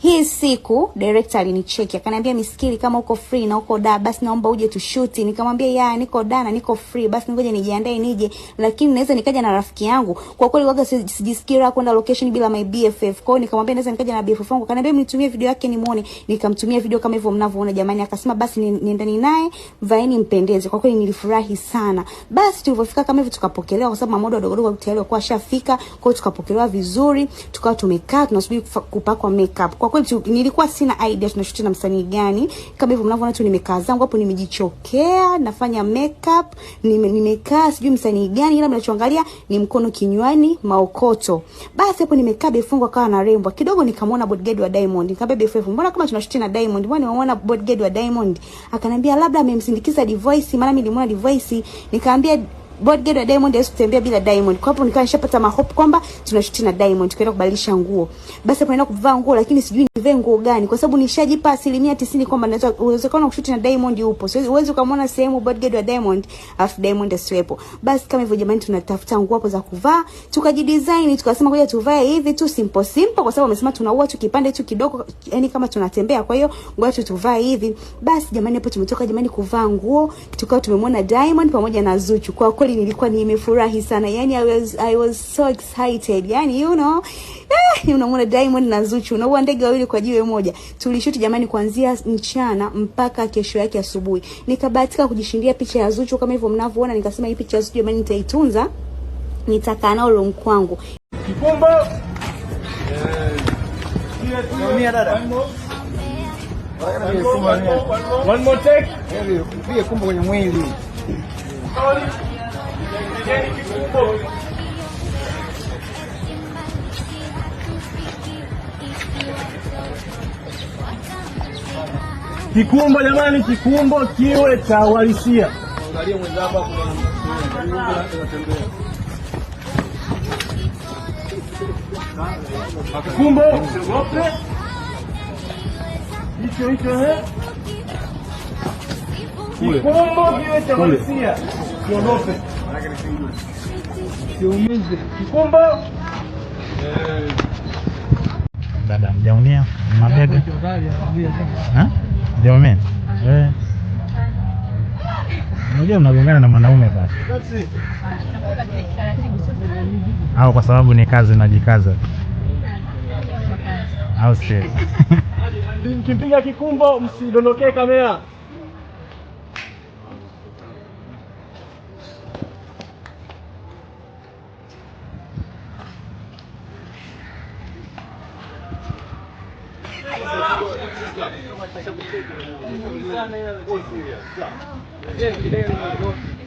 Hii siku director alinicheki akaniambia, Miskili, kama uko free na uko da, basi naomba uje tushuti. Nikamwambia ya niko da na niko free, basi ngoja nijiandae nije, lakini naweza nikaja na rafiki yangu. Kwa kweli waga sijisikii raha kwenda location bila my BFF. Kwa hiyo nikamwambia naweza nikaja na BFF wangu, akaniambia mnitumie video yake nimuone. Nikamtumia video kama hivyo mnavyoona jamani, akasema basi nienda ni naye vaeni mpendeze. Kwa kweli nilifurahi sana. Basi tulipofika kama hivyo tukapokelewa, kwa sababu mamodo wadogo wadogo tayari walikuwa washafika. Kwa hiyo tukapokelewa vizuri, tukawa tumekaa tunasubiri kupakwa makeup kwa kwa kweli nilikuwa sina idea tunashuti na msanii gani. Kama hivyo mnavyoona tu nimekaa zangu hapo, nimejichokea nafanya makeup, nimekaa sijui msanii gani, ila mnachoangalia ni mkono kinywani, maokoto. Basi hapo nimekaa befungu akawa na rembo kidogo, nikamwona bodyguard wa Diamond, nikamwambia befungu, mbona kama tunashuti na Diamond, mbona nimeona bodyguard wa Diamond? Akaniambia labda amemsindikiza Divoice, maana mimi nilimwona Divoice, nikamwambia bodyguard wa Diamond hawezi kutembea bila Diamond. Kwa hapo nikawa nishapata mahope kwamba tunashuti na Diamond, tukaenda kubadilisha nguo. Basi hapo naenda kuvaa nguo, lakini sijui nivae nguo gani, kwa sababu nishajipa asilimia tisini kwamba naweza uwezekano wa kushuti na Diamond yupo, so uwezi ukamwona sehemu bodyguard wa Diamond afu Diamond asiwepo. Basi kama hivyo jamani, tunatafuta nguo hapo za kuvaa, tukajidesign, tukasema ngoja tuvae hivi tu simple simple, kwa sababu amesema tunaua tu kipande tu kidogo, yani kama tunatembea, kwa hiyo ngoja tu tuvae hivi. Basi jamani, hapo tumetoka jamani kuvaa nguo, tukawa tumemwona Diamond pamoja na Zuchu kwa kweli kweli nilikuwa nimefurahi sana yani, I was, I was so excited yani, you know eh, unamwona Diamond na Zuchu, unaua ndege wawili kwa jiwe moja. Tulishuti jamani, kuanzia mchana mpaka kesho yake asubuhi, nikabahatika kujishindia picha ya Zuchu kama hivyo mnavyoona. Nikasema hii picha ya Zuchu jamani, nitaitunza, nitakaa nao room kwangu. Yeah. One more take. Kumbe kwenye mwili. Kikumbo jamani, kikumbo kiwe cha uhalisia. Kikumbo hicho hicho, kikumbo kiwe cha uhalisia, Siumize mkumbo. Dada mjaonia mabega jaumeni, eh. unajua mnagongana na mwanaume basi, au kwa sababu ni kazi najikaza au si? Kimpiga kikumbo, msidondokee kamera. Yeah.